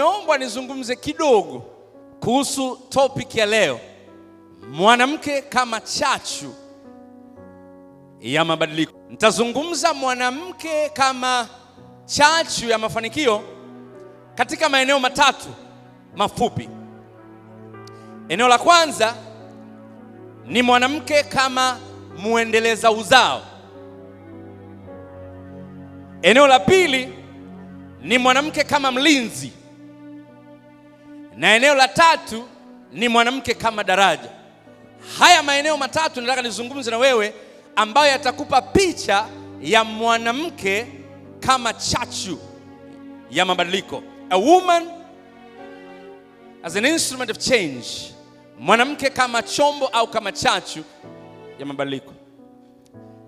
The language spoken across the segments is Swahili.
nimeombwa nizungumze kidogo kuhusu topic ya leo, mwanamke kama chachu ya mabadiliko. Nitazungumza mwanamke kama chachu ya mafanikio katika maeneo matatu mafupi. Eneo la kwanza ni mwanamke kama muendeleza uzao. Eneo la pili ni mwanamke kama mlinzi na eneo la tatu ni mwanamke kama daraja. Haya maeneo matatu nataka nizungumze na wewe, ambayo yatakupa picha ya mwanamke kama chachu ya mabadiliko, a woman as an instrument of change, mwanamke kama chombo au kama chachu ya mabadiliko.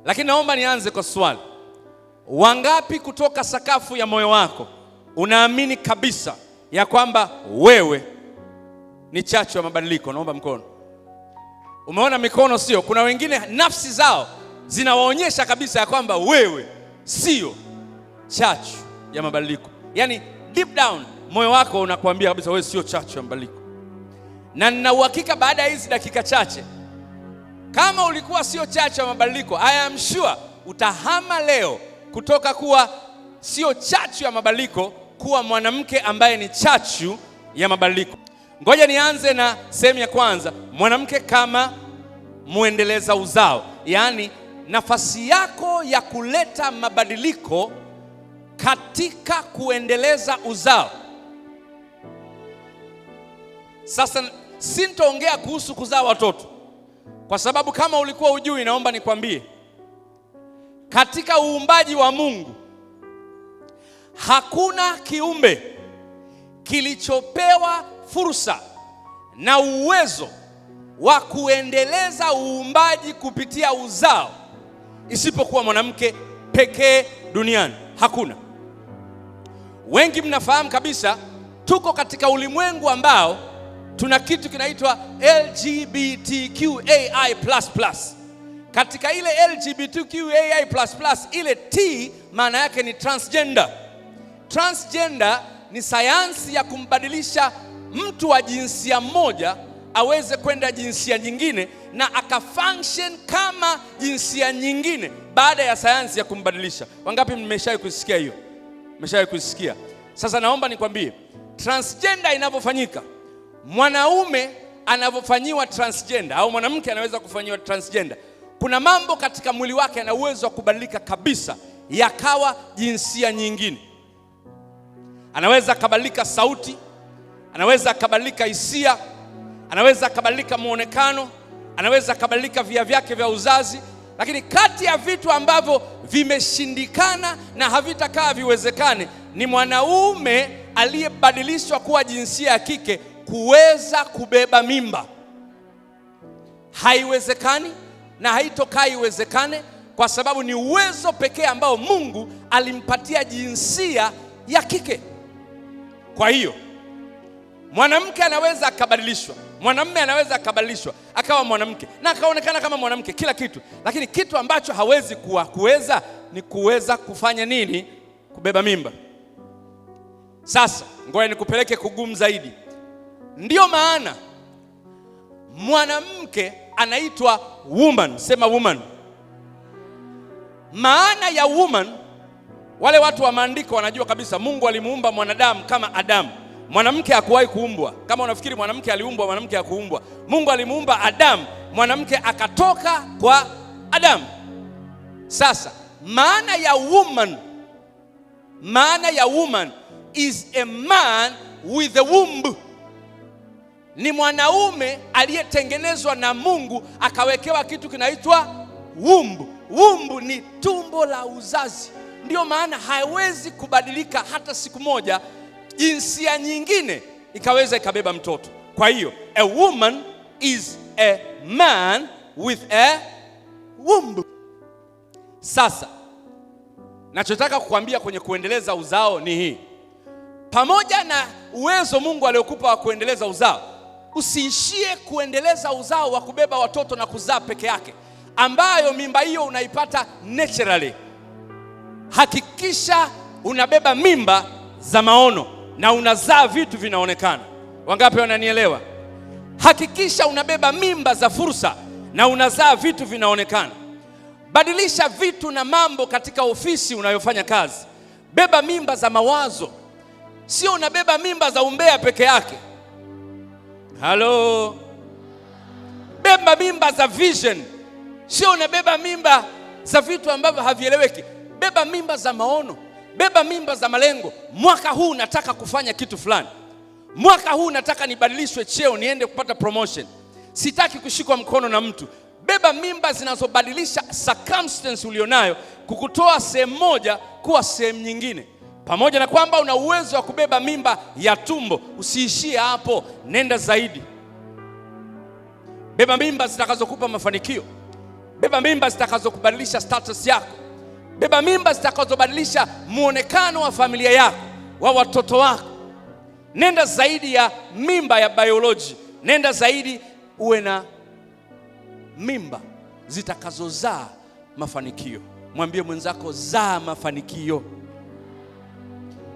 Lakini naomba nianze kwa swali, wangapi kutoka sakafu ya moyo wako unaamini kabisa ya kwamba wewe ni chachu ya mabadiliko. Naomba mkono. Umeona mikono, sio? Kuna wengine nafsi zao zinawaonyesha kabisa ya kwamba wewe sio chachu ya mabadiliko, yaani deep down moyo wako unakuambia kabisa wewe sio chachu ya mabadiliko. Na nina uhakika baada ya hizi dakika chache, kama ulikuwa sio chachu ya mabadiliko, I am sure utahama leo kutoka kuwa sio chachu ya mabadiliko kuwa mwanamke ambaye ni chachu ya mabadiliko. Ngoja nianze na sehemu ya kwanza, mwanamke kama muendeleza uzao, yaani nafasi yako ya kuleta mabadiliko katika kuendeleza uzao. Sasa sintoongea kuhusu kuzaa watoto, kwa sababu kama ulikuwa ujui, naomba nikwambie, katika uumbaji wa Mungu Hakuna kiumbe kilichopewa fursa na uwezo wa kuendeleza uumbaji kupitia uzao isipokuwa mwanamke pekee duniani. Hakuna. Wengi mnafahamu kabisa, tuko katika ulimwengu ambao tuna kitu kinaitwa LGBTQAI++. Katika ile LGBTQAI++, ile T maana yake ni transgender Transgender ni sayansi ya kumbadilisha mtu wa jinsia moja aweze kwenda jinsia nyingine na akafunction kama jinsia nyingine baada ya sayansi ya kumbadilisha. Wangapi mmeshawahi kusikia hiyo? Mmeshawahi kusikia? Sasa naomba nikwambie, transgender inavyofanyika, mwanaume anavyofanyiwa transgender au mwanamke anaweza kufanyiwa transgender, kuna mambo katika mwili wake ana uwezo wa kubadilika kabisa yakawa jinsia nyingine. Anaweza akabadilika sauti, anaweza akabadilika hisia, anaweza akabadilika mwonekano, anaweza akabadilika via vyake vya uzazi, lakini kati ya vitu ambavyo vimeshindikana na havitakaa viwezekane ni mwanaume aliyebadilishwa kuwa jinsia ya kike kuweza kubeba mimba. Haiwezekani na haitokaa iwezekane, kwa sababu ni uwezo pekee ambao Mungu alimpatia jinsia ya kike. Kwa hiyo mwanamke anaweza akabadilishwa, mwanamume anaweza akabadilishwa akawa mwanamke na akaonekana kama mwanamke kila kitu, lakini kitu ambacho hawezi kuwa kuweza ni kuweza kufanya nini? Kubeba mimba. Sasa ngoja nikupeleke kugumu zaidi. Ndiyo maana mwanamke anaitwa woman, sema woman. Maana ya woman wale watu wa maandiko wanajua kabisa Mungu alimuumba mwanadamu kama Adamu. Mwanamke hakuwahi kuumbwa. Kama unafikiri mwanamke aliumbwa, mwanamke hakuumbwa. Mungu alimuumba Adamu, mwanamke akatoka kwa Adamu. Sasa maana ya woman, maana ya woman is a man with a womb, ni mwanaume aliyetengenezwa na Mungu akawekewa kitu kinaitwa womb. Womb ni tumbo la uzazi. Ndiyo maana haiwezi kubadilika hata siku moja jinsia nyingine ikaweza ikabeba mtoto. Kwa hiyo a woman is a man with a womb. Sasa nachotaka kukwambia kwenye kuendeleza uzao ni hii, pamoja na uwezo Mungu aliokupa wa kuendeleza uzao, usiishie kuendeleza uzao wa kubeba watoto na kuzaa peke yake, ambayo mimba hiyo unaipata naturally hakikisha unabeba mimba za maono na unazaa vitu vinaonekana. Wangapi wananielewa? Hakikisha unabeba mimba za fursa na unazaa vitu vinaonekana. Badilisha vitu na mambo katika ofisi unayofanya kazi. Beba mimba za mawazo, sio unabeba mimba za umbea peke yake. Halo, beba mimba za vision, sio unabeba mimba za vitu ambavyo havieleweki beba mimba za maono, beba mimba za malengo. Mwaka huu nataka kufanya kitu fulani, mwaka huu nataka nibadilishwe cheo, niende kupata promotion, sitaki kushikwa mkono na mtu. Beba mimba zinazobadilisha circumstance ulionayo, kukutoa sehemu moja kuwa sehemu nyingine. Pamoja na kwamba una uwezo wa kubeba mimba ya tumbo, usiishie hapo, nenda zaidi. Beba mimba zitakazokupa mafanikio, beba mimba zitakazokubadilisha status yako beba mimba zitakazobadilisha muonekano wa familia yako, wa watoto wako. Nenda zaidi ya mimba ya bioloji, nenda zaidi uwe na mimba zitakazozaa mafanikio. Mwambie mwenzako zaa mafanikio.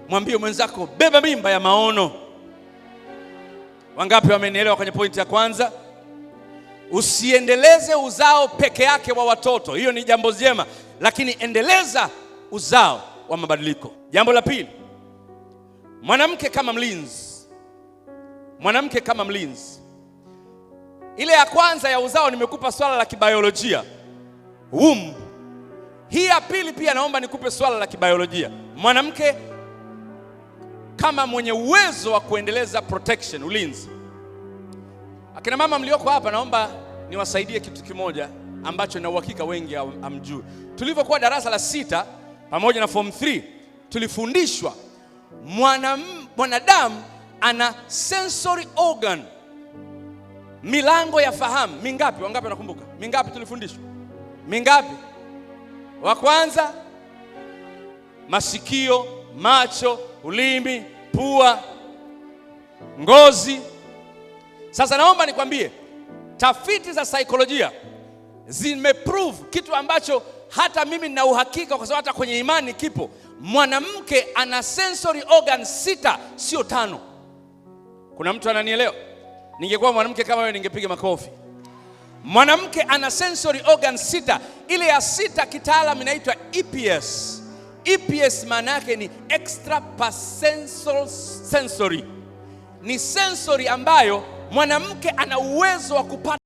Mwambie mwenzako beba mimba ya maono. Wangapi wamenielewa kwenye pointi ya kwanza? Usiendeleze uzao peke yake wa watoto, hiyo ni jambo jema lakini endeleza uzao wa mabadiliko. Jambo la pili, mwanamke kama mlinzi. Mwanamke kama mlinzi. Ile ya kwanza ya uzao nimekupa swala la kibayolojia womb. Hii ya pili pia naomba nikupe swala la kibayolojia mwanamke kama mwenye uwezo wa kuendeleza protection, ulinzi. Akina mama mlioko hapa, naomba niwasaidie kitu kimoja ambacho na uhakika wengi hamjui. Tulivyokuwa darasa la sita pamoja na form 3 tulifundishwa mwanadamu ana sensory organ, milango ya fahamu mingapi? Wangapi wanakumbuka? Mingapi tulifundishwa? Mingapi? Wa kwanza, masikio, macho, ulimi, pua, ngozi. Sasa naomba nikwambie, tafiti za saikolojia zimeprove kitu ambacho hata mimi nina uhakika, kwa sababu hata kwenye imani kipo. Mwanamke ana sensory organ sita, sio tano. Kuna mtu ananielewa? Ningekuwa mwanamke kama wewe, ningepiga makofi. Mwanamke ana sensory organ sita. Ile ya sita kitaalamu inaitwa EPS. EPS maana yake ni extra perceptual sensory, ni sensory ambayo mwanamke ana uwezo wa kupata